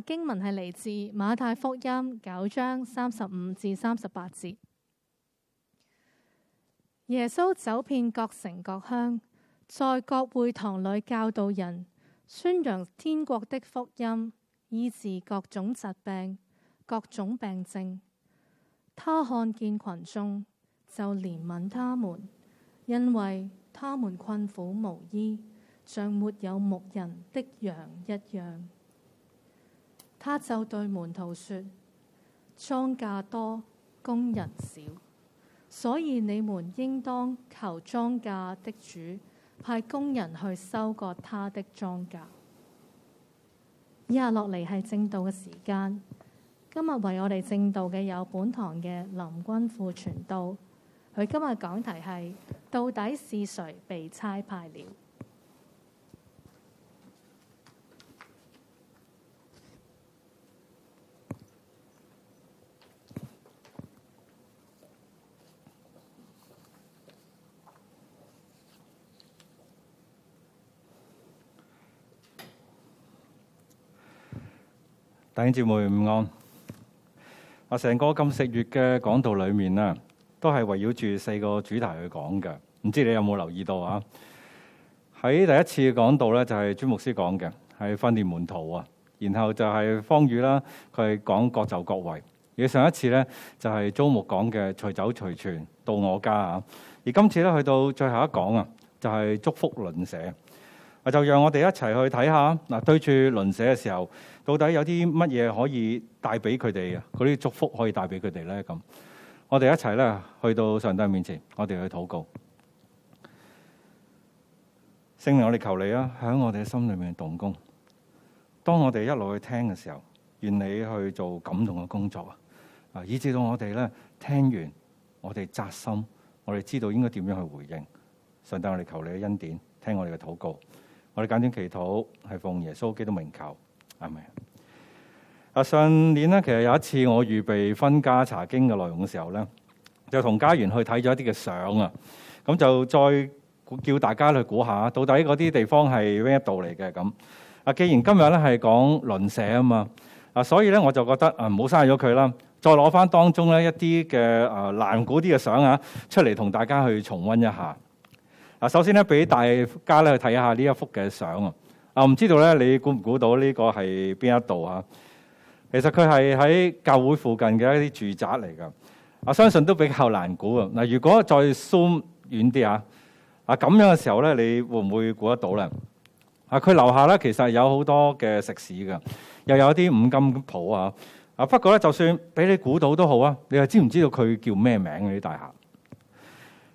經文係嚟自馬太福音九章三十五至三十八節。耶穌走遍各城各鄉，在各會堂裏教導人，宣揚天國的福音，醫治各種疾病、各種病症。他看見群眾就憐憫他們，因為他們困苦無依，像沒有牧人的羊一樣。他就對門徒說：莊稼多，工人少，所以你們應當求莊稼的主派工人去收割他的莊稼。以下落嚟係證道嘅時間，今日為我哋證道嘅有本堂嘅林君富傳道，佢今日講題係：到底是誰被差派了？各位姊妹午安。啊，成個禁食月嘅講道裏面啊，都係圍繞住四個主題去講嘅。唔知你有冇留意到啊？喺第一次講道咧，就係朱牧師講嘅，係訓練門徒啊。然後就係方宇啦，佢講各就各位。而上一次咧，就係朱牧講嘅隨走隨傳到我家啊。而今次咧，去到最後一講啊，就係、是、祝福鄰舍。嗱，就讓我哋一齊去睇下，嗱，對住鄰舍嘅時候，到底有啲乜嘢可以帶俾佢哋，嗰啲祝福可以帶俾佢哋咧？咁，我哋一齊咧去到上帝面前，我哋去禱告，聖靈，我哋求你啊，響我哋嘅心裏面動工。當我哋一路去聽嘅時候，願你去做感動嘅工作啊！啊，以至到我哋咧聽完，我哋扎心，我哋知道應該點樣去回應上帝。我哋求你嘅恩典，聽我哋嘅禱告。我哋簡短祈禱，係奉耶穌基督名求，阿咪啊。上年咧，其實有一次我預備分家查經嘅內容嘅時候咧，就同家園去睇咗一啲嘅相啊。咁就再叫大家去估下，到底嗰啲地方係邊一度嚟嘅，咁。啊，既然今日咧係講鄰舍啊嘛，啊，所以咧我就覺得啊，唔好嘥咗佢啦。再攞返當中咧一啲嘅啊難估啲嘅相啊出嚟，同大家去重溫一下。首先咧，俾大家咧去睇下呢一幅嘅相啊！啊，唔知道咧，你估唔估到呢個係邊一度啊？其實佢係喺教會附近嘅一啲住宅嚟噶。啊，相信都比較難估啊！嗱，如果再 zoom 遠啲嚇，啊咁樣嘅時候咧，你會唔會估得到咧？啊，佢樓下咧其實有好多嘅食肆，噶，又有啲五金鋪啊。啊，不過咧，就算俾你估到都好啊，你係知唔知道佢叫咩名嘅啲大廈？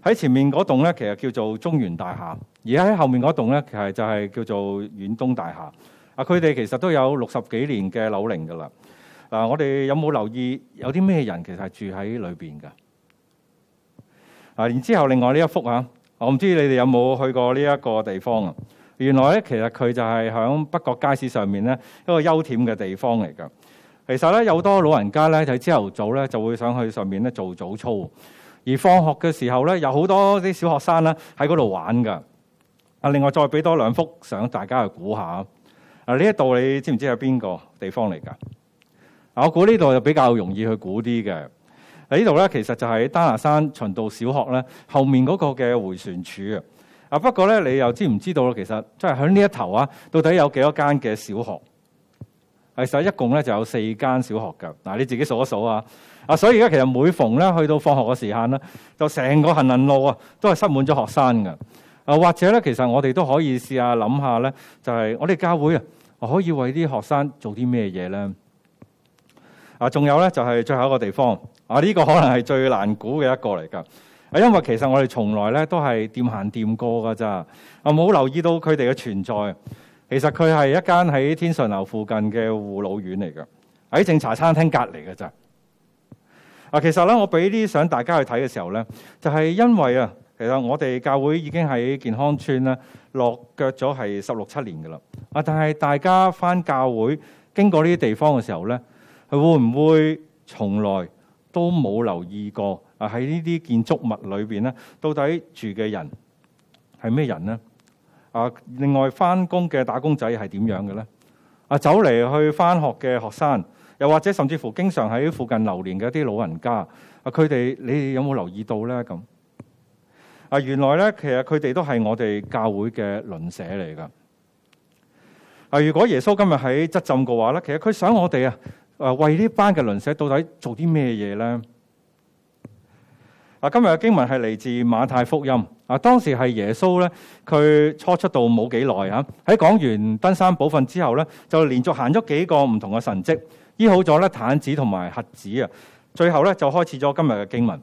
喺前面嗰棟咧，其實叫做中原大廈；而喺後面嗰棟咧，其實就係叫做遠東大廈。啊，佢哋其實都有六十幾年嘅樓齡噶啦。嗱，我哋有冇留意有啲咩人其實係住喺裏邊嘅？啊，然之後另外呢一幅啊，我唔知你哋有冇去過呢一個地方啊？原來咧，其實佢就係響北角街市上面咧一個休憩嘅地方嚟㗎。其實咧，有多老人家咧喺朝頭早咧就會想去上面咧做早操。而放學嘅時候咧，有好多啲小學生咧喺嗰度玩噶。啊，另外再俾多兩幅相，大家去估下。嗱，呢一度你知唔知係邊個地方嚟噶？嗱，我估呢度就比較容易去估啲嘅。嗱，呢度咧其實就係丹拿山巡道小學咧後面嗰個嘅回旋處啊。啊，不過咧你又知唔知道咧？其實即係響呢一頭啊，到底有幾多間嘅小學？其實一共咧就有四間小學㗎。嗱，你自己數一數啊！啊，所以而家其實每逢咧去到放學嘅時間咧，就成個行人路啊，都係塞滿咗學生嘅啊。或者咧，其實我哋都可以試下諗下咧，就係我哋教會啊，可以為啲學生做啲咩嘢咧？啊，仲有咧就係最後一個地方啊。呢個可能係最難估嘅一個嚟㗎啊，因為其實我哋從來咧都係掂行掂過㗎，咋啊，冇留意到佢哋嘅存在。其實佢係一間喺天順樓附近嘅護老院嚟㗎，喺正茶餐廳隔離㗎咋。啊，其實咧，我俾啲相大家去睇嘅時候咧，就係因為啊，其實我哋教會已經喺健康村咧落腳咗係十六七年㗎喇。啊，但係大家返教會經過呢啲地方嘅時候咧，係會唔會從來都冇留意過啊？喺呢啲建築物裏邊咧，到底住嘅人係咩人咧？啊，另外返工嘅打工仔係點樣嘅咧？啊，走嚟去返學嘅學生。又或者甚至乎，經常喺附近流連嘅一啲老人家啊，佢哋你哋有冇留意到咧？咁啊，原來咧，其實佢哋都係我哋教會嘅鄰舍嚟㗎啊。如果耶穌今日喺執浸嘅話咧，其實佢想我哋啊，啊為呢班嘅鄰舍到底做啲咩嘢咧？啊，今日嘅經文係嚟自馬太福音啊。當時係耶穌咧，佢初出道冇幾耐啊，喺講完登山寶訓之後咧，就連續行咗幾個唔同嘅神跡。醫好咗咧，毯子同埋核子啊！最後咧就開始咗今日嘅經文。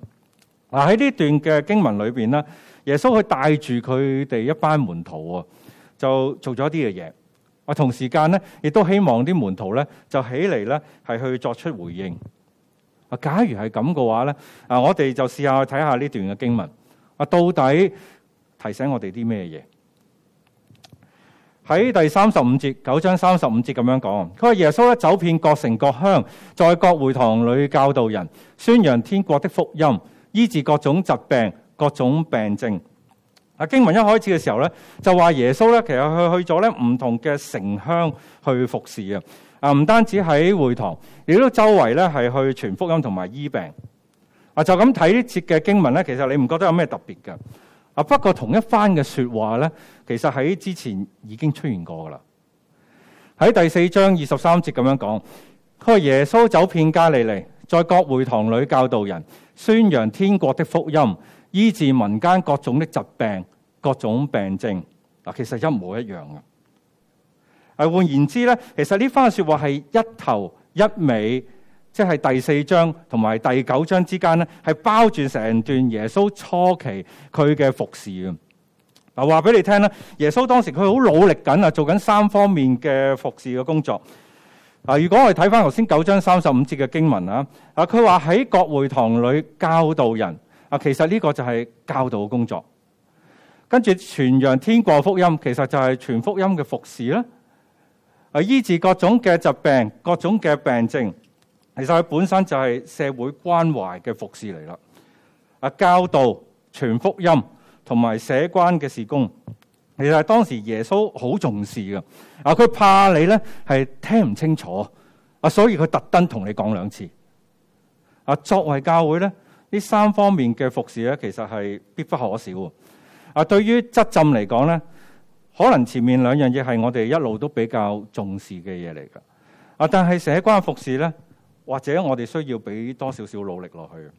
嗱，喺呢段嘅經文裏邊咧，耶穌佢帶住佢哋一班門徒啊，就做咗一啲嘅嘢。啊，同時間咧亦都希望啲門徒咧就起嚟咧係去作出回應。啊，假如係咁嘅話咧，啊我哋就試下去睇下呢段嘅經文。啊，到底提醒我哋啲咩嘢？喺第三十五節，九章三十五節咁樣講，佢話耶穌咧走遍各城各鄉，在各會堂裏教導人，宣揚天國的福音，醫治各種疾病、各種病症。啊，經文一開始嘅時候咧，就話耶穌咧其實佢去咗咧唔同嘅城鄉去服侍，啊，啊唔單止喺會堂，亦都周圍咧係去傳福音同埋醫病。啊，就咁睇呢節嘅經文咧，其實你唔覺得有咩特別嘅？啊，不過同一番嘅說話咧。其實喺之前已經出現過噶啦，喺第四章二十三節咁樣講，佢話耶穌走遍加利利，在各會堂裏教導人，宣揚天國的福音，醫治民間各種的疾病、各種病症。嗱，其實一模一樣噶。誒，換言之咧，其實呢番說話係一頭一尾，即係第四章同埋第九章之間咧，係包住成段耶穌初期佢嘅服侍嗱，話俾你聽啦，耶穌當時佢好努力緊啊，做緊三方面嘅服侍嘅工作。嗱，如果我哋睇翻頭先九章三十五節嘅經文啊，佢話喺各會堂裏教導人，啊，其實呢個就係教導工作。跟住傳揚天國福音，其實就係傳福音嘅服侍啦。啊，醫治各種嘅疾病、各種嘅病症，其實佢本身就係社會關懷嘅服侍嚟啦。啊，教導、傳福音。同埋社關嘅事工，其實係當時耶穌好重視嘅。啊，佢怕你咧係聽唔清楚，啊，所以佢特登同你講兩次。啊，作為教會咧，呢三方面嘅服侍咧，其實係必不可少。啊，對於執政嚟講咧，可能前面兩樣嘢係我哋一路都比較重視嘅嘢嚟㗎。啊，但係社關服侍咧，或者我哋需要俾多少少努力落去。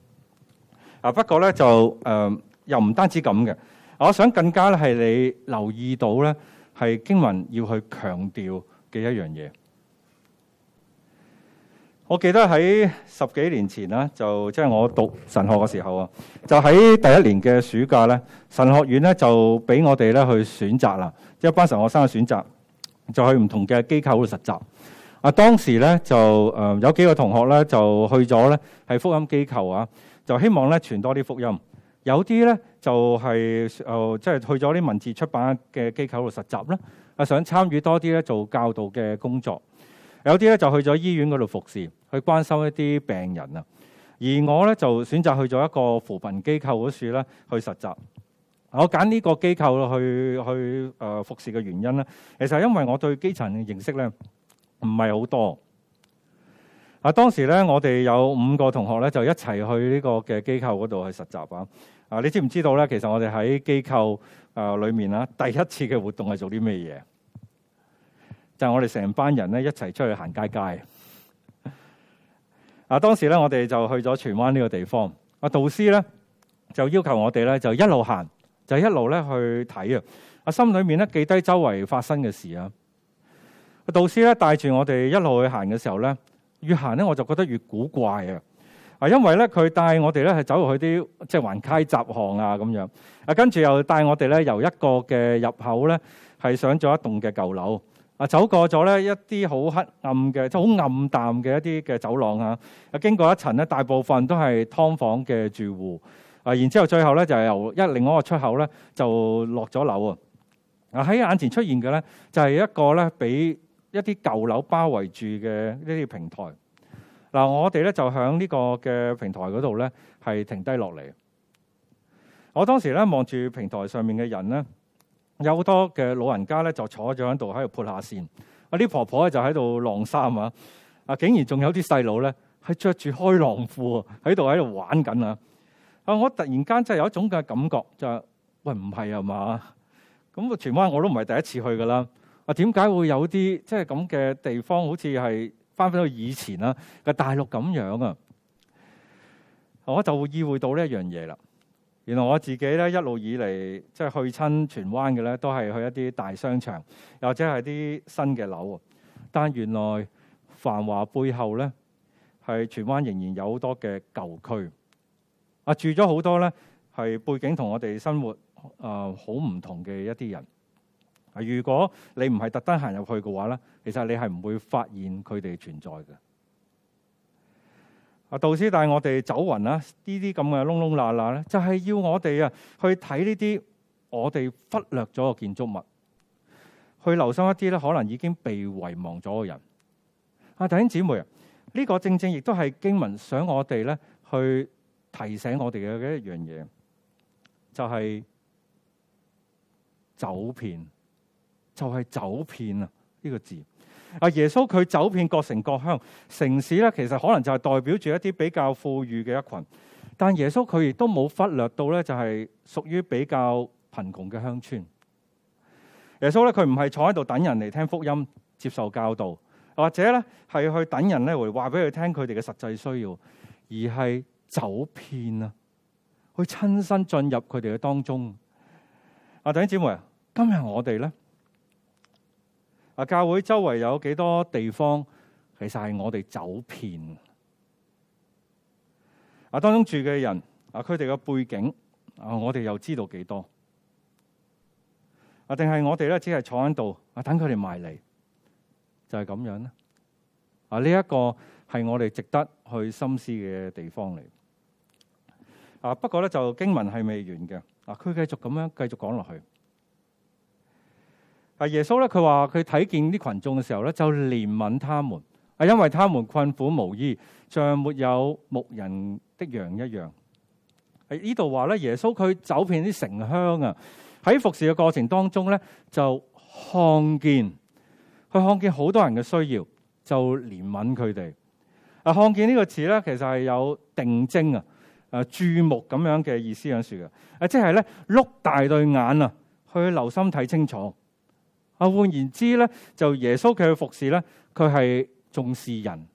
啊，不過咧就、呃又唔單止咁嘅，我想更加咧係你留意到咧，係經文要去強調嘅一樣嘢。我記得喺十幾年前咧，就即係、就是、我讀神學嘅時候啊，就喺第一年嘅暑假咧，神學院咧就俾我哋咧去選擇啦，即係班神學生嘅選擇，就去唔同嘅機構度實習。啊，當時咧就誒有幾個同學咧就去咗咧係福音機構啊，就希望咧傳多啲福音。有啲咧就係誒，即係去咗啲文字出版嘅機構度實習啦，啊想參與多啲咧做教導嘅工作；有啲咧就去咗醫院嗰度服侍，去關心一啲病人啊。而我咧就選擇去咗一個扶貧機構嗰處咧去實習。我揀呢個機構去去誒服侍嘅原因咧，其實係因為我對基層嘅認識咧唔係好多。啊，當時咧我哋有五個同學咧就一齊去呢個嘅機構嗰度去實習啊。啊！你知唔知道咧？其實我哋喺機構啊裏面啦，第一次嘅活動係做啲咩嘢？就係我哋成班人咧一齊出去行街街。啊！當時咧我哋就去咗荃灣呢個地方。啊！導師咧就要求我哋咧就一路行，就一路咧去睇啊！啊心裏面咧記低周圍發生嘅事啊！啊導師咧帶住我哋一路去行嘅時候咧，越行咧我就覺得越古怪啊！啊，因為咧，佢帶我哋咧係走入去啲即係還街雜巷啊咁樣。啊，跟住又帶我哋咧由一個嘅入口咧係上咗一棟嘅舊樓。啊，走過咗咧一啲好黑暗嘅，即係好暗淡嘅一啲嘅走廊啊。啊，經過一層咧，大部分都係劏房嘅住戶。啊，然之後最後咧就由一另外一個出口咧就落咗樓啊。啊，喺眼前出現嘅咧就係一個咧畀一啲舊樓包圍住嘅呢啲平台。嗱，我哋咧就喺呢個嘅平台嗰度咧，係停低落嚟。我當時咧望住平台上面嘅人咧，有好多嘅老人家咧就坐咗喺度喺度撥下線，啊啲婆婆咧就喺度晾衫啊，啊竟然仲有啲細路咧係着住開浪褲喺度喺度玩緊啊！啊，我突然間真係有一種嘅感覺、就是，就係喂唔係啊嘛？咁個荃灣我都唔係第一次去噶啦，啊點解會有啲即係咁嘅地方好似係？翻返到以前啦，個大陸咁樣啊，我就會意會到呢一樣嘢啦。原來我自己咧一路以嚟，即係去親荃灣嘅咧，都係去一啲大商場或者係啲新嘅樓啊，但係原來繁華背後咧，係荃灣仍然有好多嘅舊區啊，住咗好多咧係背景同我哋生活啊好唔同嘅一啲人。嗱，如果你唔係特登行入去嘅話咧，其實你係唔會發現佢哋存在嘅。啊，導師帶我哋走，但我哋走勻啦，呢啲咁嘅窿窿罅罅咧，就係要我哋啊去睇呢啲我哋忽略咗嘅建築物，去留心一啲咧，可能已經被遺忘咗嘅人。啊，弟兄姊妹啊，呢、呢個正正亦都係經文想我哋咧去提醒我哋嘅嘅一樣嘢，就係走遍。就係走遍啊，呢、這個字啊，耶穌佢走遍各城各鄉。城市咧，其實可能就係代表住一啲比較富裕嘅一群，但耶穌佢亦都冇忽略到咧，就係屬於比較貧窮嘅鄉村。耶穌咧，佢唔係坐喺度等人嚟聽福音、接受教導，或者咧，係去等人嚟話俾佢聽佢哋嘅實際需要，而係走遍啊，去親身進入佢哋嘅當中。啊，弟兄姊妹啊，今日我哋咧。啊！教會周圍有幾多地方，其實係我哋走遍。啊，當中住嘅人，啊，佢哋嘅背景，啊，我哋又知道幾多？啊，定係我哋咧，只係坐喺度，啊，等佢哋埋嚟，就係、是、咁樣咧。啊，呢一個係我哋值得去深思嘅地方嚟。啊，不過咧，就經文係未完嘅。啊，佢繼續咁樣繼續講落去。啊！耶穌咧，佢話佢睇見啲群眾嘅時候咧，就憐憫他們啊，因為他們困苦無依，像沒有牧人的羊一樣。喺呢度話咧，耶穌佢走遍啲城鄉啊，喺服侍嘅過程當中咧，就看見佢看見好多人嘅需要，就憐憫佢哋啊。看見呢個詞咧，其實係有定睛啊、啊注目咁樣嘅意思喺度嘅啊，即係咧碌大對眼啊，去留心睇清楚。啊，換言之咧，就耶穌佢去服侍咧，佢係重視人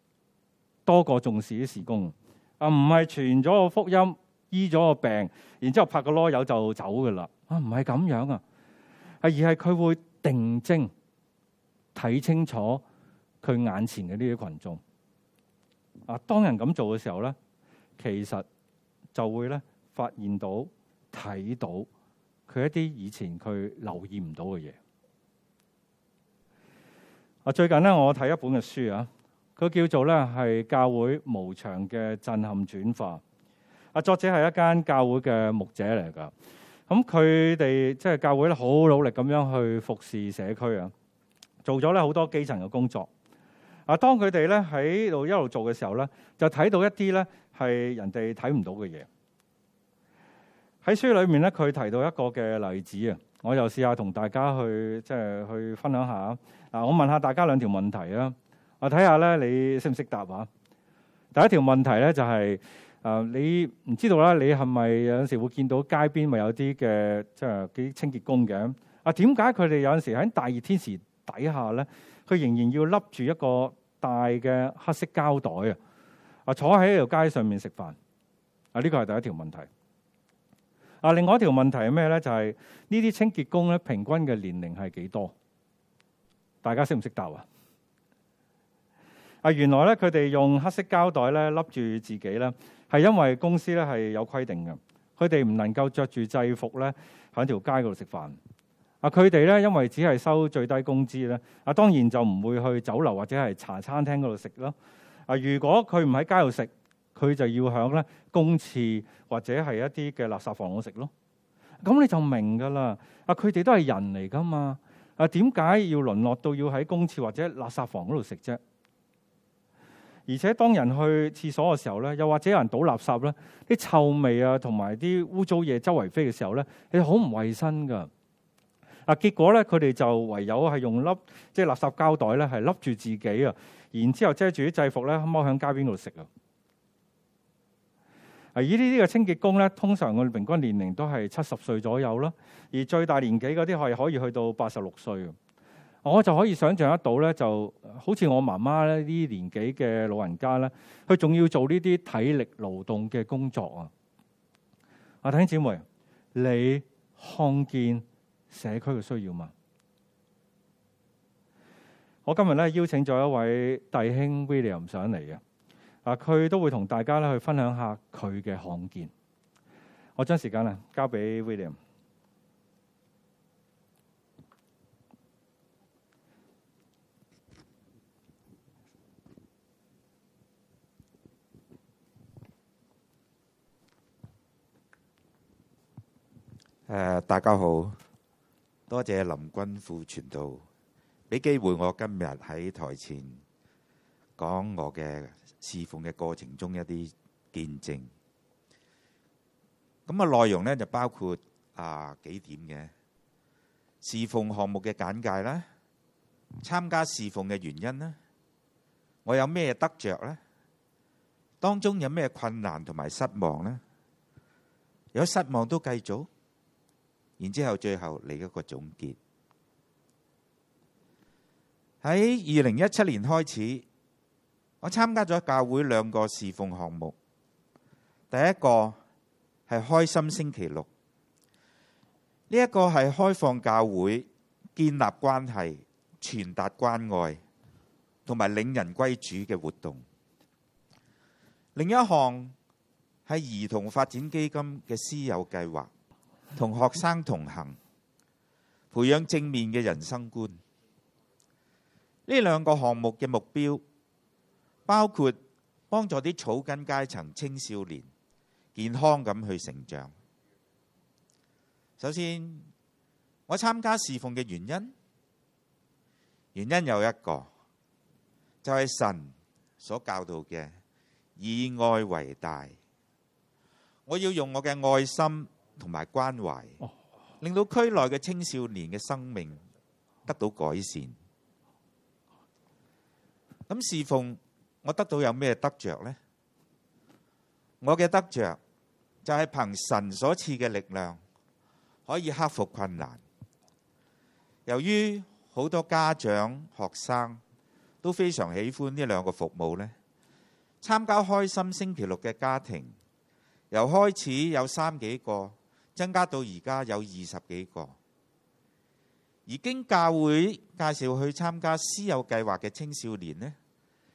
多過重視啲事工啊，唔係傳咗個福音醫咗個病，然之後拍個囉柚就走噶啦啊，唔係咁樣啊，係而係佢會定睛睇清楚佢眼前嘅呢啲群眾啊。當人咁做嘅時候咧，其實就會咧發現到睇到佢一啲以前佢留意唔到嘅嘢。啊！最近咧，我睇一本嘅書啊，佢叫做咧係教會無償嘅震撼轉化。啊，作者係一間教會嘅牧者嚟噶。咁佢哋即係教會咧，好努力咁樣去服侍社區啊，做咗咧好多基層嘅工作。啊，當佢哋咧喺度一路做嘅時候咧，就睇到一啲咧係人哋睇唔到嘅嘢。喺書裏面咧，佢提到一個嘅例子啊，我又試下同大家去即係去分享一下。嗱，我問下大家兩條問題啊。我睇下咧，你識唔識答啊？第一條問題咧就係，誒，你唔知道咧，你係咪有陣時會見到街邊咪有啲嘅，即係啲清潔工嘅？啊，點解佢哋有陣時喺大熱天時底下咧，佢仍然要笠住一個大嘅黑色膠袋啊？啊，坐喺條街上面食飯啊？呢個係第一條問題。啊，另外一條問題係咩咧？就係呢啲清潔工咧，平均嘅年齡係幾多？大家識唔識答啊？啊，原來咧佢哋用黑色膠袋咧笠住自己咧，係因為公司咧係有規定嘅。佢哋唔能夠着住制服咧喺條街嗰度食飯。啊，佢哋咧因為只係收最低工資咧，啊當然就唔會去酒樓或者係茶餐廳嗰度食咯。啊，如果佢唔喺街度食，佢就要喺咧公廁或者係一啲嘅垃圾房度食咯。咁你就明噶啦。啊，佢哋都係人嚟噶嘛。啊，點解要淪落到要喺公廁或者垃圾房嗰度食啫？而且當人去廁所嘅時候咧，又或者有人倒垃圾咧，啲臭味啊同埋啲污糟嘢周圍飛嘅時候咧，你好唔衞生噶。啊，結果咧，佢哋就唯有係用笠，即係垃圾膠袋咧，係笠住自己啊，然之後遮住啲制服咧，踎響街邊度食啊。而呢啲嘅清潔工咧，通常我哋平均年齡都係七十歲左右啦，而最大年紀嗰啲可係可以去到八十六歲。我就可以想象得到咧，就好似我媽媽咧呢年紀嘅老人家咧，佢仲要做呢啲體力勞動嘅工作啊！啊，弟兄姊妹，你看見社區嘅需要嗎？我今日咧邀請咗一位弟兄 William 上嚟嘅。啊！佢都會同大家咧去分享下佢嘅見。我將時間咧交俾 William。誒，大家好，多謝林君富傳道俾機會我今日喺台前。講我嘅侍奉嘅過程中一啲見證，咁啊內容呢就包括啊幾點嘅侍奉項目嘅簡介啦，參加侍奉嘅原因呢？我有咩得着呢？當中有咩困難同埋失望呢？有失望都繼續，然之後最後嚟一個總結。喺二零一七年開始。我參加咗教會兩個侍奉項目，第一個係開心星期六，呢一個係開放教會、建立關係、傳達關愛同埋領人歸主嘅活動。另一項係兒童發展基金嘅師友計劃，同學生同行，培養正面嘅人生觀。呢兩個項目嘅目標。包括幫助啲草根階層青少年健康咁去成長。首先，我參加侍奉嘅原因，原因有一個，就係神所教導嘅以愛為大。我要用我嘅愛心同埋關懷，令到區內嘅青少年嘅生命得到改善。咁侍奉。我得到有咩得着呢？我嘅得着就係憑神所賜嘅力量，可以克服困難。由於好多家長、學生都非常喜歡呢兩個服務呢，參加開心星期六嘅家庭，由開始有三幾個，增加到而家有二十幾個。而經教會介紹去參加私有計劃嘅青少年呢。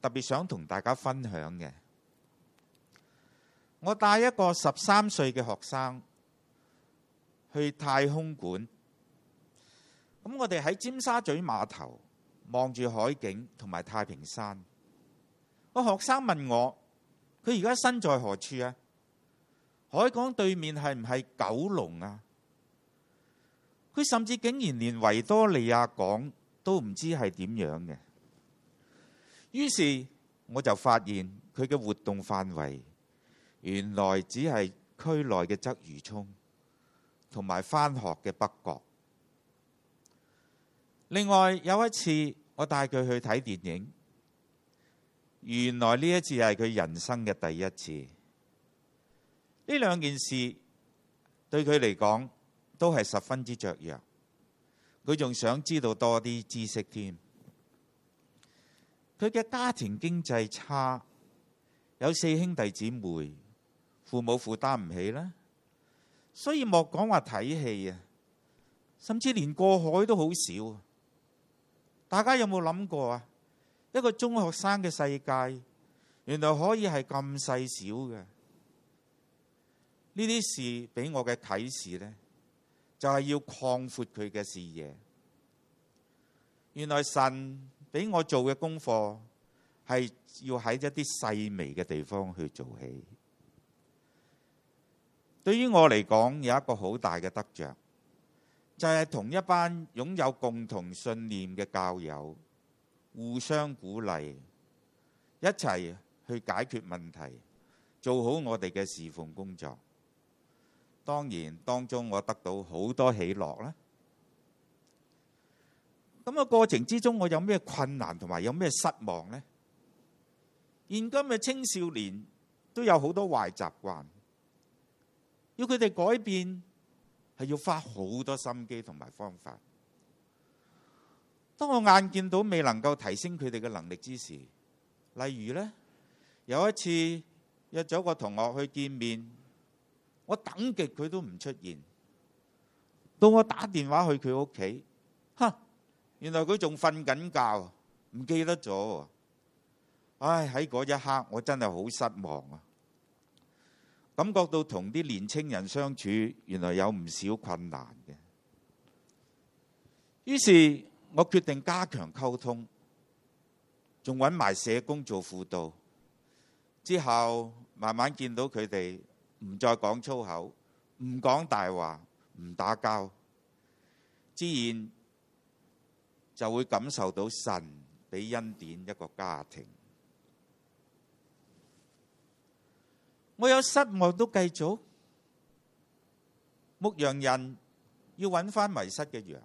特別想同大家分享嘅，我帶一個十三歲嘅學生去太空館。咁我哋喺尖沙咀碼頭望住海景同埋太平山。個學生問我：佢而家身在何處啊？海港對面係唔係九龍啊？佢甚至竟然連維多利亞港都唔知係點樣嘅。於是我就發現佢嘅活動範圍原來只係區內嘅鰂魚涌同埋返學嘅北角。另外有一次，我帶佢去睇電影，原來呢一次係佢人生嘅第一次。呢兩件事對佢嚟講都係十分之雀躍，佢仲想知道多啲知識添。佢嘅家庭經濟差，有四兄弟姊妹，父母負擔唔起啦，所以莫講話睇戲啊，甚至連過海都好少。大家有冇諗過啊？一個中學生嘅世界，原來可以係咁細小嘅，呢啲事俾我嘅啟示咧，就係要擴闊佢嘅視野。原來神俾我做嘅功課係要喺一啲細微嘅地方去做起。對於我嚟講，有一個好大嘅得著，就係同一班擁有共同信念嘅教友互相鼓勵，一齊去解決問題，做好我哋嘅侍奉工作。當然，當中我得到好多喜樂啦。咁個過程之中，我有咩困難同埋有咩失望呢？現今嘅青少年都有好多壞習慣，要佢哋改變係要花好多心機同埋方法。當我眼見到未能夠提升佢哋嘅能力之時，例如呢，有一次約咗個同學去見面，我等極佢都唔出現，到我打電話去佢屋企。原來佢仲瞓緊覺，唔記得咗。唉，喺嗰一刻我真係好失望啊！感覺到同啲年青人相處，原來有唔少困難嘅。於是我決定加強溝通，仲揾埋社工做輔導。之後慢慢見到佢哋唔再講粗口，唔講大話，唔打交，自然。就會感受到神俾恩典一個家庭。我有失望，都繼續，牧羊人要揾翻迷失嘅羊。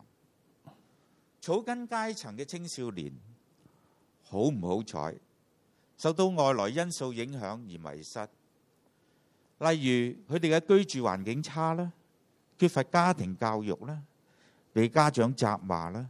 草根階層嘅青少年好唔好彩？受到外來因素影響而迷失，例如佢哋嘅居住環境差啦，缺乏家庭教育啦，被家長責罵啦。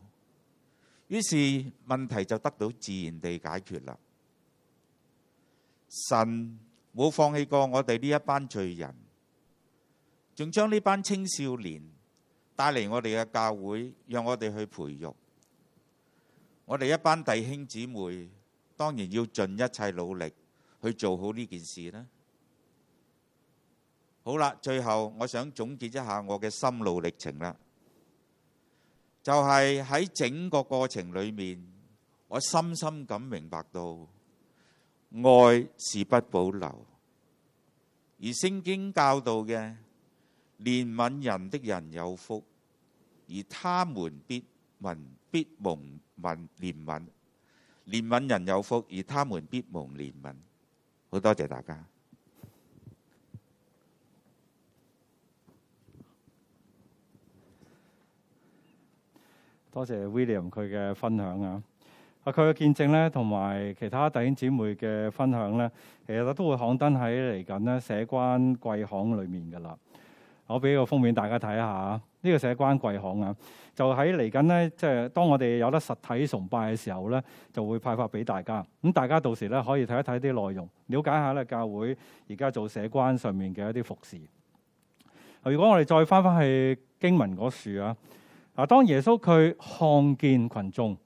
於是問題就得到自然地解決啦。神冇放棄過我哋呢一班罪人，仲將呢班青少年帶嚟我哋嘅教會，讓我哋去培育。我哋一班弟兄姊妹當然要盡一切努力去做好呢件事啦。好啦，最後我想總結一下我嘅心路歷程啦。就係喺整個過程裏面，我深深咁明白到，愛是不保留，而聖經教導嘅憐憫人的人有福，而他們必憫必蒙聞憐憫，憐憫人有福，而他們必蒙憐憫。好多謝大家。多謝 William 佢嘅分享啊！啊，佢嘅見證咧，同埋其他弟兄姊妹嘅分享咧，其實都會刊登喺嚟緊咧社關櫃行裏面噶啦。我俾個封面大家睇下呢、呢個社關櫃行啊，就喺嚟緊咧，即係當我哋有得實體崇拜嘅時候咧，就會派發俾大家。咁大家到時咧可以睇一睇啲內容，了解一下咧教會而家做社關上面嘅一啲服侍。如果我哋再翻翻去經文嗰處啊～嗱，當耶穌佢看見群眾，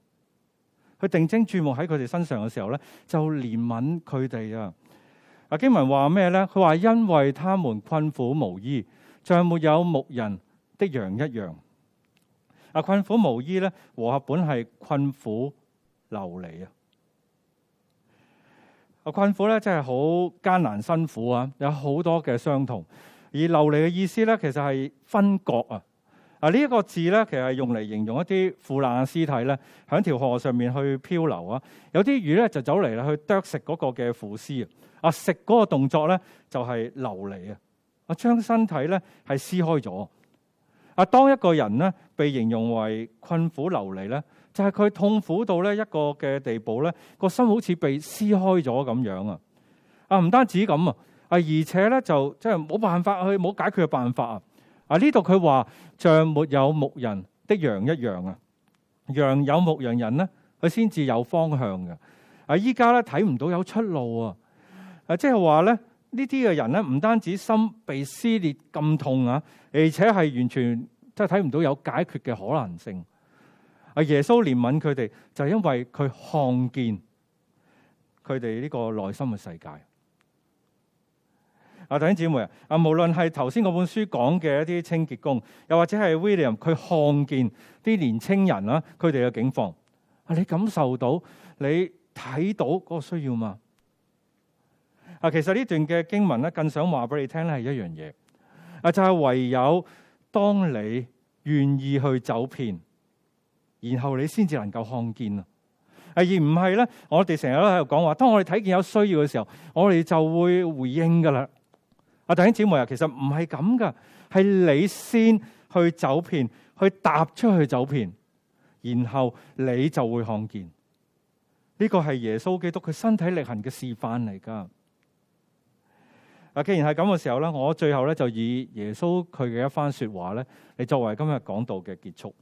佢定睛注目喺佢哋身上嘅時候咧，就憐憫佢哋啊！啊，經文話咩咧？佢話因為他們困苦無依，像沒有牧人的羊一樣。啊，困苦無依咧，和合本係困苦流離啊！啊，困苦咧真係好艱難辛苦啊，有好多嘅傷痛。而流離嘅意思咧，其實係分割啊。呢一個字咧，其實係用嚟形容一啲腐爛屍體咧，喺條河上面去漂流啊。有啲魚咧就走嚟啦，去啄食嗰個嘅腐屍啊。食嗰個動作咧就係流離啊。啊，將身體咧係撕開咗啊。當一個人咧被形容為困苦流離咧，就係佢痛苦到咧一個嘅地步咧，個心好似被撕開咗咁樣啊。啊，唔單止咁啊，啊，而且咧就即係冇辦法去冇解決嘅辦法啊。啊！呢度佢話像沒有牧人的羊一樣啊，羊有牧羊人咧，佢先至有方向嘅。啊，依家咧睇唔到有出路啊！啊，即係話咧，呢啲嘅人咧，唔單止心被撕裂咁痛啊，而且係完全即係睇唔到有解決嘅可能性。啊，耶穌憐憫佢哋，就係因為佢看見佢哋呢個內心嘅世界。啊，弟兄姊妹啊，啊，無論係頭先嗰本書講嘅一啲清潔工，又或者係 William，佢看見啲年青人啦，佢哋嘅境況啊，你感受到，你睇到嗰個需要嘛？啊，其實呢段嘅經文咧，更想話俾你聽咧係一樣嘢，啊，就係、是、唯有當你願意去走遍，然後你先至能夠看見啊，而唔係咧，我哋成日都喺度講話，當我哋睇見有需要嘅時候，我哋就會回應噶啦。阿弟兄姊妹啊，其實唔係咁噶係你先去走遍，去踏出去走遍，然後你就會看見，呢個係耶穌基督佢身體力行嘅示範嚟噶。啊，既然係咁嘅時候咧，我最後咧就以耶穌佢嘅一番說話咧，你作為今日講道嘅結束。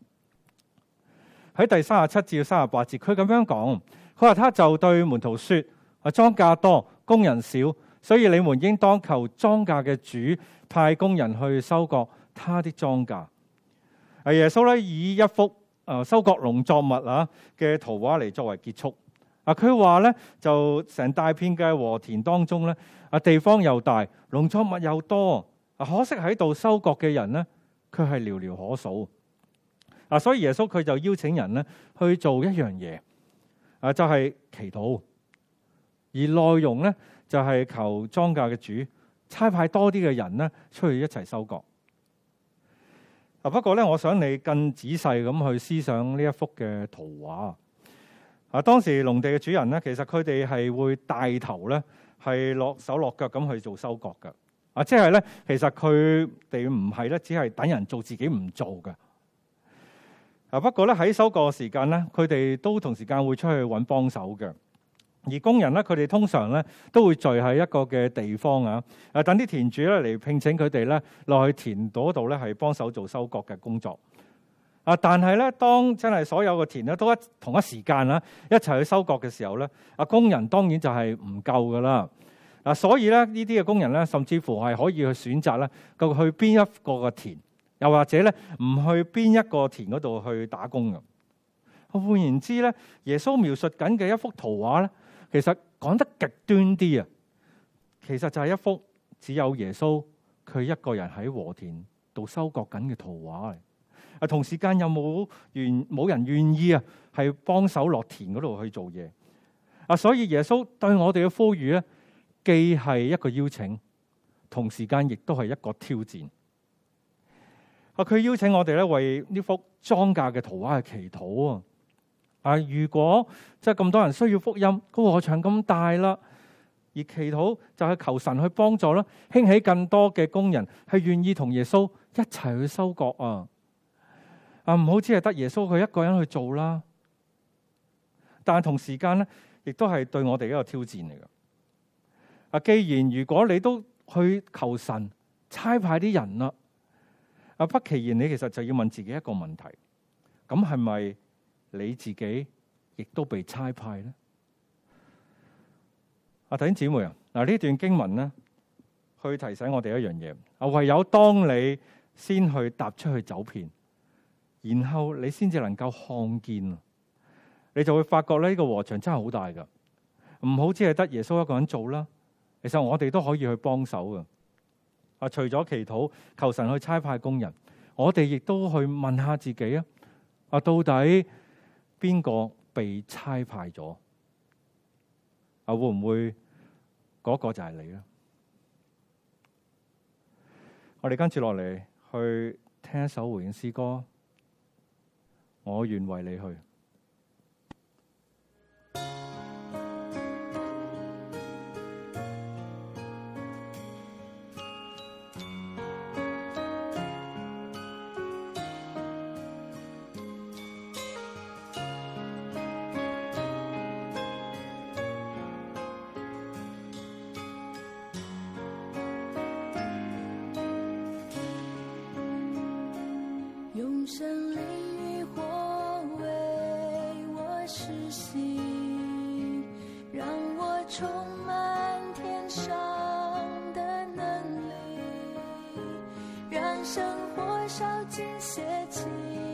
喺第三十七至三十八節，佢咁樣講，佢話他就對門徒說：啊，莊稼多，工人少。所以你們應當求莊稼嘅主派工人去收割他的莊稼。阿耶穌咧以一幅誒收割農作物啊嘅圖畫嚟，作為結束。啊，佢話咧，就成大片嘅禾田當中咧，啊地方又大，農作物又多，啊可惜喺度收割嘅人咧，佢係寥寥可數。啊，所以耶穌佢就邀請人咧去做一樣嘢，啊就係、是、祈禱，而內容咧。就係求莊稼嘅主差派多啲嘅人咧，出去一齊收割。啊，不過咧，我想你更仔細咁去思想呢一幅嘅圖畫。啊，當時農地嘅主人咧，其實佢哋係會帶頭咧，係落手落腳咁去做收割㗎。啊，即係咧，其實佢哋唔係咧，只係等人做，自己唔做㗎。啊，不過咧，喺收割嘅時間咧，佢哋都同時間會出去揾幫手嘅。而工人咧，佢哋通常咧都會聚喺一個嘅地方啊，誒等啲田主咧，嚟聘請佢哋咧，落去田度咧係幫手做收割嘅工作。啊，但係咧，當真係所有嘅田咧都一同一時間啦，一齊去收割嘅時候咧，啊，工人當然就係唔夠噶啦。嗱，所以咧呢啲嘅工人咧，甚至乎係可以去選擇咧，究竟去邊一個嘅田，又或者咧唔去邊一個田嗰度去打工咁。換言之咧，耶穌描述緊嘅一幅圖畫咧。其實講得極端啲啊，其實就係一幅只有耶穌佢一個人喺禾田度收割緊嘅圖畫啊，同時間有冇願冇人願意啊？係幫手落田嗰度去做嘢啊！所以耶穌對我哋嘅呼籲咧，既係一個邀請，同時間亦都係一個挑戰。啊，佢邀請我哋咧，為呢幅莊稼嘅圖畫去祈禱啊！啊！如果即係咁多人需要福音，嗰個禾場咁大啦，而祈禱就係求神去幫助啦，興起更多嘅工人係願意同耶穌一齊去收割啊！啊，唔好只係得耶穌佢一個人去做啦。但係同時間咧，亦都係對我哋一個挑戰嚟嘅。啊，既然如果你都去求神差派啲人啦，啊，啊不其然你其實就要問自己一個問題：咁係咪？你自己亦都被差派咧，啊！弟兄姊妹啊，嗱呢段經文咧，去提醒我哋一樣嘢，啊唯有當你先去踏出去走遍，然後你先至能夠看見，你就會發覺咧呢個和場真係好大噶，唔好只係得耶穌一個人做啦，其實我哋都可以去幫手噶。啊，除咗祈禱求，求神去差派工人，我哋亦都去問下自己啊，啊到底？邊個被差派咗啊？會唔會嗰個就係你咧？我哋跟住落嚟去聽一首回應詩歌。我願為你去。生活燒盡血氣。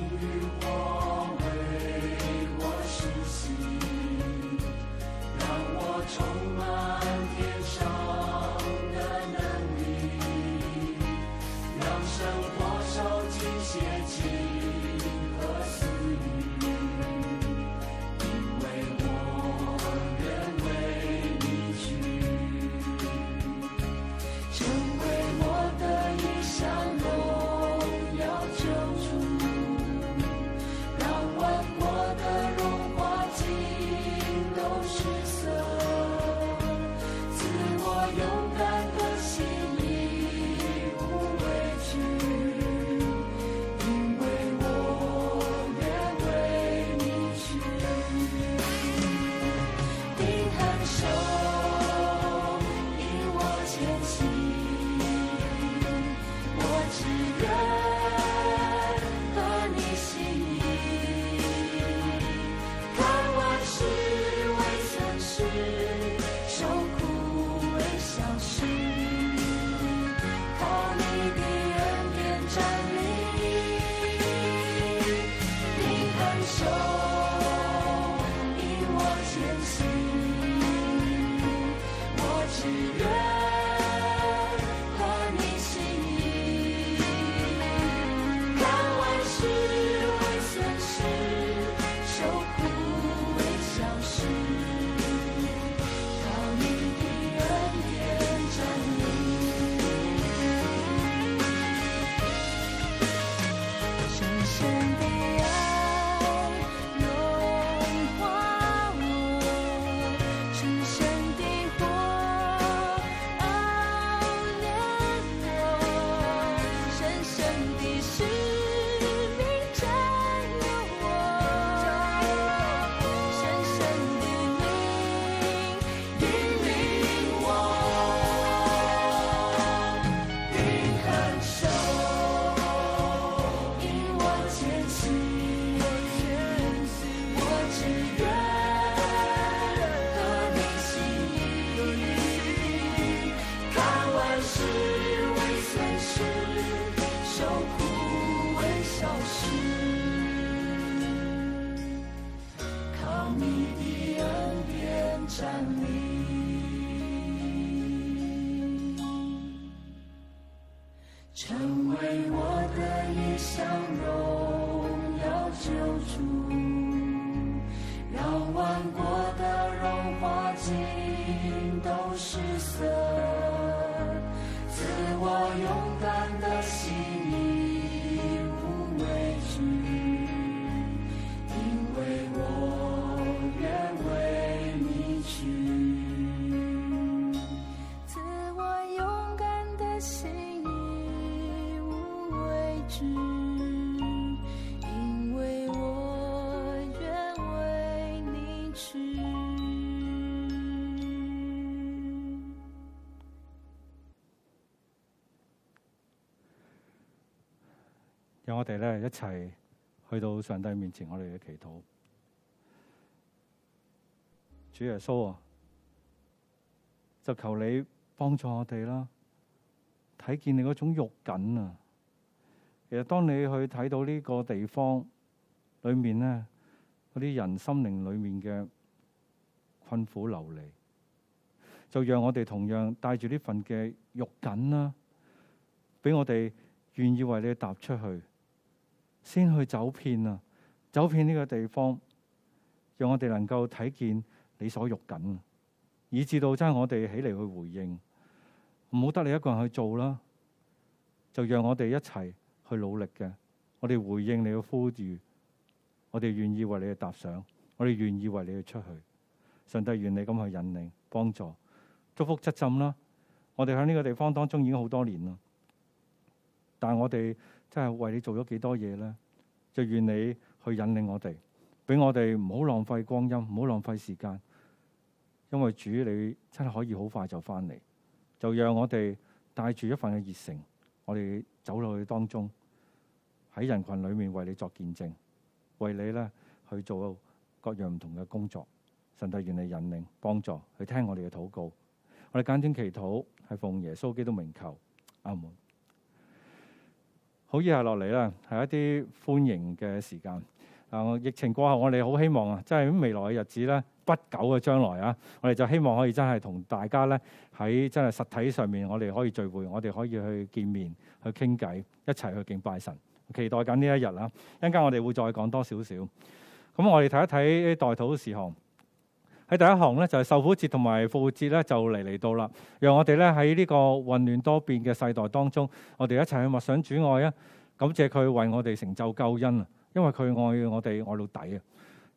成為我的一項榮耀，救主。咧一齊去到上帝面前，我哋嘅祈禱，主耶穌啊，就求你幫助我哋啦。睇見你嗰種肉緊啊，其實當你去睇到呢個地方裏面咧嗰啲人心靈裏面嘅困苦流離，就讓我哋同樣帶住呢份嘅肉緊啦，啊，俾我哋願意為你踏出去。先去走遍啊，走遍呢個地方，讓我哋能夠睇見你所欲緊，以至到真係我哋起嚟，去回應，唔好得你一個人去做啦，就讓我哋一齊去努力嘅，我哋回應你嘅呼籲，我哋願意為你去踏上，我哋願意為你去出去，上帝願你咁去引領幫助，祝福質浸啦，我哋響呢個地方當中已經好多年啦，但係我哋。真係為你做咗幾多嘢呢？就願你去引領我哋，俾我哋唔好浪費光陰，唔好浪費時間，因為主你真係可以好快就翻嚟。就讓我哋帶住一份嘅熱誠，我哋走落去當中，喺人群裏面為你作見證，為你呢去做各樣唔同嘅工作。神，都願你引領幫助，去聽我哋嘅禱告，我哋簡短祈禱係奉耶穌基督名求，阿門。好，以下落嚟啦，係一啲歡迎嘅時間。啊、呃，疫情過後，我哋好希望啊，即係未來嘅日子咧，不久嘅將來啊，我哋就希望可以真係同大家咧喺真係實體上面，我哋可以聚會，我哋可以去見面、去傾偈、一齊去敬拜神。期待緊呢一日啦、啊，一陣間我哋會再講多少少。咁我哋睇一睇代禱事項。喺第一行咧，就係、是、受苦節同埋復活節咧，就嚟嚟到啦。讓我哋咧喺呢個混亂多變嘅世代當中，我哋一齊去默想主愛啊！感謝佢為我哋成就救恩啊！因為佢愛我哋愛到底啊！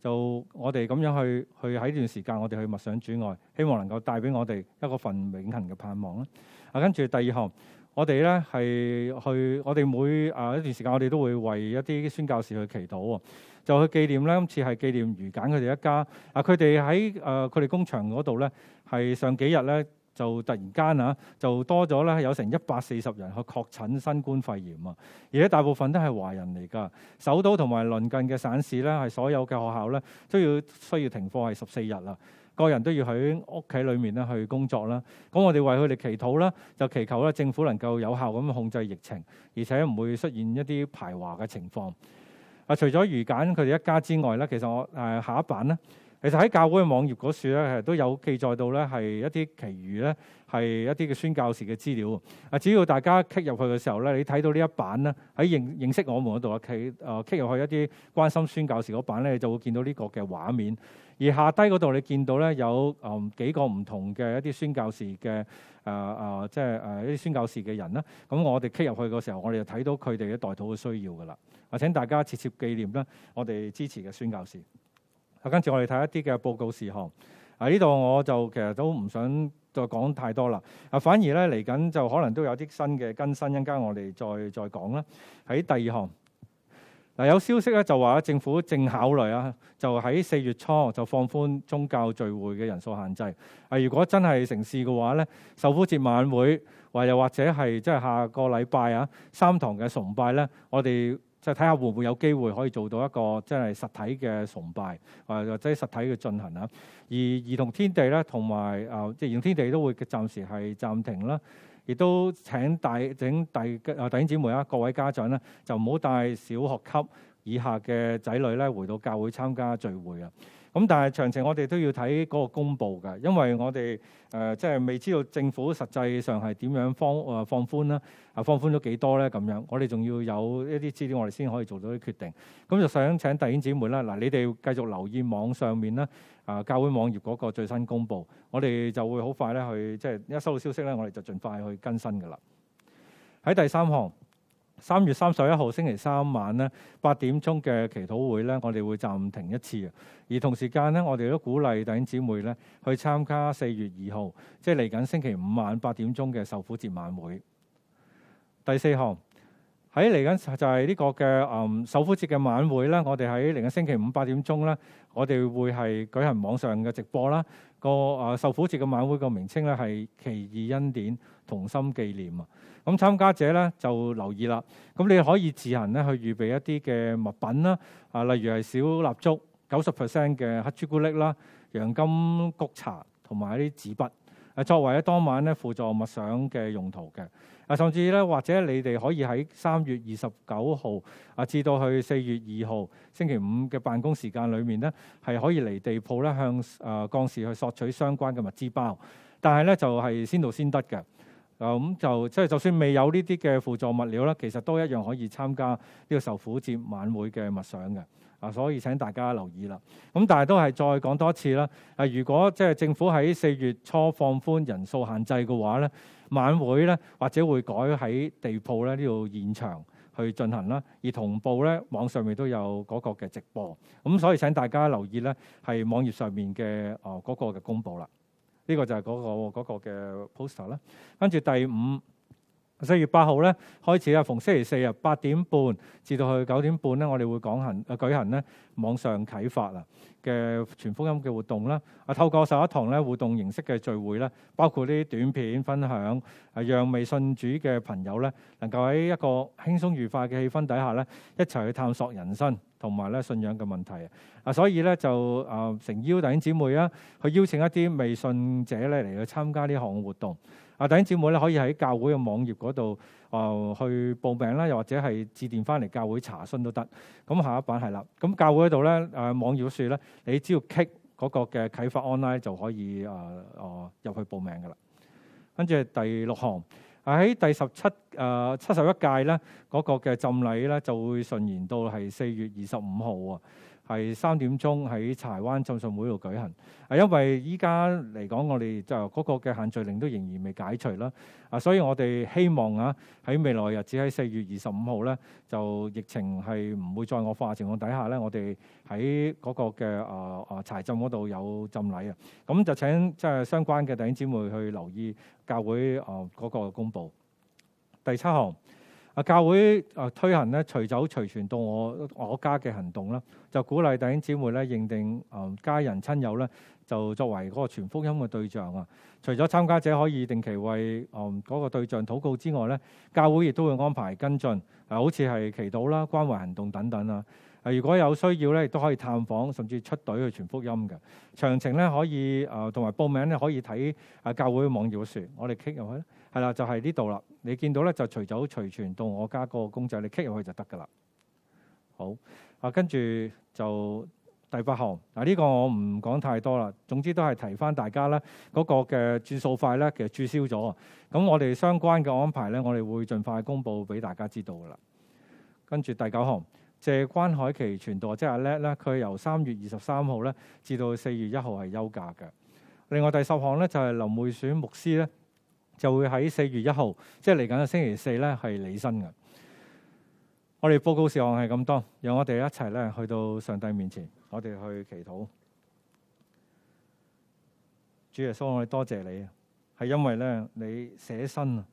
就我哋咁樣去去喺呢段時間，我哋去默想主愛，希望能夠帶俾我哋一個份永恆嘅盼望啦。啊，跟住第二行，我哋咧係去，我哋每啊一段時間，我哋都會為一啲宣教士去祈禱喎。就去紀念咧，今次係紀念漁簡佢哋一家。啊，佢哋喺誒佢哋工場嗰度咧，係上幾日咧就突然間啊，就多咗咧有成一百四十人去確診新冠肺炎啊！而且大部分都係華人嚟㗎。首都同埋鄰近嘅省市咧，係所有嘅學校咧都要需要停課係十四日啦。個人都要喺屋企裏面咧去工作啦。咁我哋為佢哋祈禱啦，就祈求咧政府能夠有效咁控制疫情，而且唔會出現一啲排華嘅情況。啊！除咗余簡佢哋一家之外咧，其實我誒、啊、下一版咧，其實喺教會嘅網頁嗰處咧，其實都有記載到咧，係一啲其餘咧係一啲嘅宣教士嘅資料。啊，只要大家 click 入去嘅時候咧，你睇到這一呢一版咧，喺認，認識我們嗰度啊 click 誒 click 入去一啲關心宣教士嗰版咧，你就會見到呢個嘅畫面。而下低嗰度你見到咧有誒、嗯、幾個唔同嘅一啲宣教士嘅誒誒，即係誒一啲宣教士嘅人啦。咁我哋 click 入去嘅時候，我哋就睇到佢哋嘅代禱嘅需要噶啦。啊，請大家切切紀念啦，我哋支持嘅宣教士。啊，跟住我哋睇一啲嘅報告事項。啊，呢度我就其實都唔想再講太多啦。啊，反而咧嚟緊就可能都有啲新嘅更新，陣間我哋再再講啦。喺第二項，嗱，有消息咧就話政府正考慮啊，就喺四月初就放寬宗教聚會嘅人數限制。啊，如果真係成事嘅話咧，受苦節晚會或又或者係即係下個禮拜啊，三堂嘅崇拜咧，我哋，就睇下會唔會有機會可以做到一個即係實體嘅崇拜，或者實體嘅進行啦。而兒童天地咧，同埋誒即係兒童天地都會暫時係暫停啦。亦都請大整大家弟兄姊妹啦，各位家長咧，就唔好帶小學級以下嘅仔女咧，回到教會參加聚會啊。咁但係詳情我哋都要睇嗰個公佈嘅，因為我哋誒、呃、即係未知道政府實際上係點樣放誒放寬啦，啊放寬咗幾多咧？咁樣我哋仲要有一啲資料，我哋先可以做到啲決定。咁就想請弟兄姊妹啦，嗱你哋繼續留意網上面啦，啊、呃、教會網頁嗰個最新公佈，我哋就會好快咧去即係一收到消息咧，我哋就盡快去更新㗎啦。喺第三項。三月三十一號星期三晚咧八點鐘嘅祈禱會咧，我哋會暫停一次啊。而同時間咧，我哋都鼓勵弟兄姊妹咧去參加四月二號，即係嚟緊星期五晚八點鐘嘅受苦節晚會。第四項喺嚟緊就係呢個嘅誒受苦節嘅晚會咧，我哋喺嚟緊星期五八點鐘咧，我哋會係舉行網上嘅直播啦。個誒受苦節嘅晚會個名稱咧係奇異恩典，同心紀念啊！咁參加者咧就留意啦，咁你可以自行咧去預備一啲嘅物品啦，啊，例如係小蠟燭、九十 percent 嘅黑朱古力啦、洋甘菊茶同埋一啲紙筆。作為咧當晚咧輔助物相嘅用途嘅，啊甚至咧或者你哋可以喺三月二十九號啊至到去四月二號星期五嘅辦公時間裏面咧，係可以嚟地鋪咧向誒崗、呃、士去索取相關嘅物資包，但係咧就係、是、先到先得嘅。啊、嗯、咁就即係就算未有呢啲嘅輔助物料啦，其實都一樣可以參加呢個受苦節晚會嘅物相嘅。嗱、這個，所以請大家留意啦。咁但係都係再講多次啦。啊，如果即係政府喺四月初放寬人數限制嘅話咧，晚會咧或者會改喺地鋪咧呢度現場去進行啦，而同步咧網上面都有嗰個嘅直播。咁所以請大家留意咧，係網頁上面嘅哦嗰個嘅公佈啦。呢、這個就係嗰、那個嗰、那個嘅 poster 啦。跟住第五。四月八號咧開始啊，逢星期四日八點半至到去九點半咧，我哋會講行啊舉行咧網上啟發啊嘅傳福音嘅活動啦。啊，透過十一堂咧互動形式嘅聚會咧，包括啲短片分享，係讓未信主嘅朋友咧能夠喺一個輕鬆愉快嘅氣氛底下咧，一齊去探索人生。同埋咧信仰嘅問題啊，所以咧就啊，承邀弟兄姊妹啊，去邀請一啲未信者咧嚟去參加呢項活動。啊，弟兄姊妹咧可以喺教會嘅網頁嗰度啊去報名啦，又或者係致電翻嚟教會查詢都得。咁下一版係啦，咁教會嗰度咧誒網頁上咧，你只要 click 嗰個嘅啟發 online 就可以啊啊入去報名㗎啦。跟住第六項。喺第十七誒、呃、七十一屆咧，嗰個嘅浸禮咧就會順延到係四月二十五號啊。係三點鐘喺柴灣浸信會度舉行，啊，因為依家嚟講，我哋就嗰個嘅限聚令都仍然未解除啦，啊，所以我哋希望啊，喺未來日子喺四月二十五號咧，就疫情係唔會再惡化嘅情況底下咧，我哋喺嗰個嘅啊啊柴浸嗰度有浸禮啊，咁就請即係相關嘅弟兄姊妹去留意教會啊嗰個公佈。第七項。啊，教會啊推行咧隨走隨傳到我我家嘅行動啦，就鼓勵弟兄姊妹咧認定啊家人親友咧就作為嗰個傳福音嘅對象啊。除咗參加者可以定期為啊嗰個對象禱告之外咧，教會亦都會安排跟進啊，好似係祈禱啦、關懷行動等等啦。啊，如果有需要咧，亦都可以探訪，甚至出隊去傳福音嘅。詳情咧可以啊，同、呃、埋報名咧可以睇啊教會嘅網頁說。我哋傾入去啦。係啦，就係呢度啦。你見到咧，就除走除傳到我家個公仔，你 kick 入去就得㗎啦。好啊，跟住就第八項嗱，呢、這個我唔講太多啦。總之都係提翻大家咧嗰、那個嘅轉數快咧，其實註銷咗。咁我哋相關嘅安排咧，我哋會盡快公佈俾大家知道㗎啦。跟住第九項，謝關海琪傳道即係阿叻咧，佢由三月二十三號咧至到四月一號係休假嘅。另外第十項咧就係、是、林會選牧師咧。就會喺四月一號，即係嚟緊嘅星期四咧，係理新嘅。我哋報告事項係咁多，讓我哋一齊咧去到上帝面前，我哋去祈禱。主耶穌，我哋多謝，謝你，係因為咧你捨身，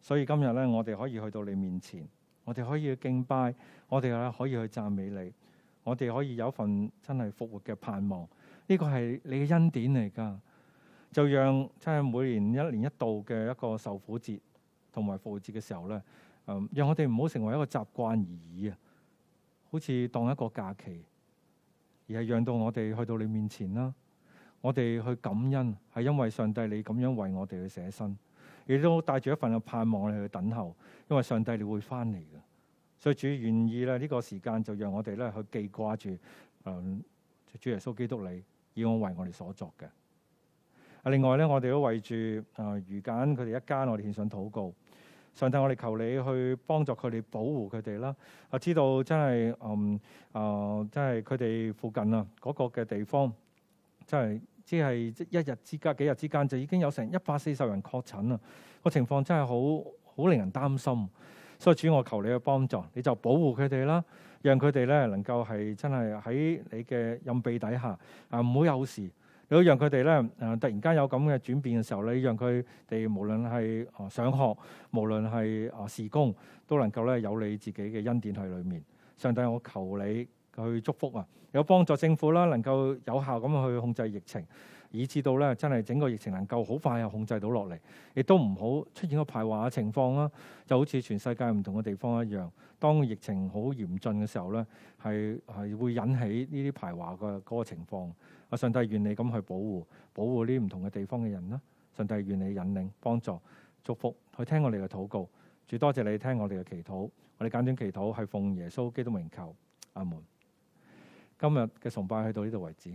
所以今日咧我哋可以去到你面前，我哋可以敬拜，我哋可以去讚美你，我哋可以有一份真係復活嘅盼望。呢、呢個係你嘅恩典嚟噶。就讓即係每年一年一度嘅一個受苦節同埋復活節嘅時候咧，嗯，讓我哋唔好成為一個習慣而已啊，好似當一個假期，而係讓到我哋去到你面前啦，我哋去感恩，係因為上帝你咁樣為我哋去捨身，亦都帶住一份嘅盼望我哋去等候，因為上帝你會翻嚟嘅，所以主願意咧呢個時間就讓我哋咧去記掛住，嗯，主耶穌基督你以往為我哋所作嘅。另外咧，我哋都為住啊漁簡佢哋一家，我哋獻上禱告。上帝，我哋求你去幫助佢哋保護佢哋啦。我、啊、知道真係嗯啊、呃，真係佢哋附近啊嗰、嗰個嘅地方，真係即係即一日之隔，幾日之間就已經有成一百四十人確診啊！嗰個情況真係好好令人擔心。所以主，我求你嘅幫助，你就保護佢哋啦，讓佢哋咧能夠係真係喺你嘅陰庇底下啊，唔好有事。你讓佢哋咧，誒突然間有咁嘅轉變嘅時候，你讓佢哋無論係誒上學，無論係誒事工，都能夠咧有你自己嘅恩典喺裏面。上帝，我求你去祝福啊！有幫助政府啦，能夠有效咁去控制疫情，以至到咧真係整個疫情能夠好快又控制到落嚟，亦都唔好出現個排華嘅情況啦。就好似全世界唔同嘅地方一樣，當疫情好嚴峻嘅時候咧，係係會引起呢啲排華嘅嗰個情況。我上帝願你咁去保護，保護呢啲唔同嘅地方嘅人啦、啊。上帝願你引領、幫助、祝福，去聽我哋嘅禱告。主多謝你聽我哋嘅祈禱，我哋簡短祈禱係奉耶穌基督名求，阿門。今日嘅崇拜去到呢度為止。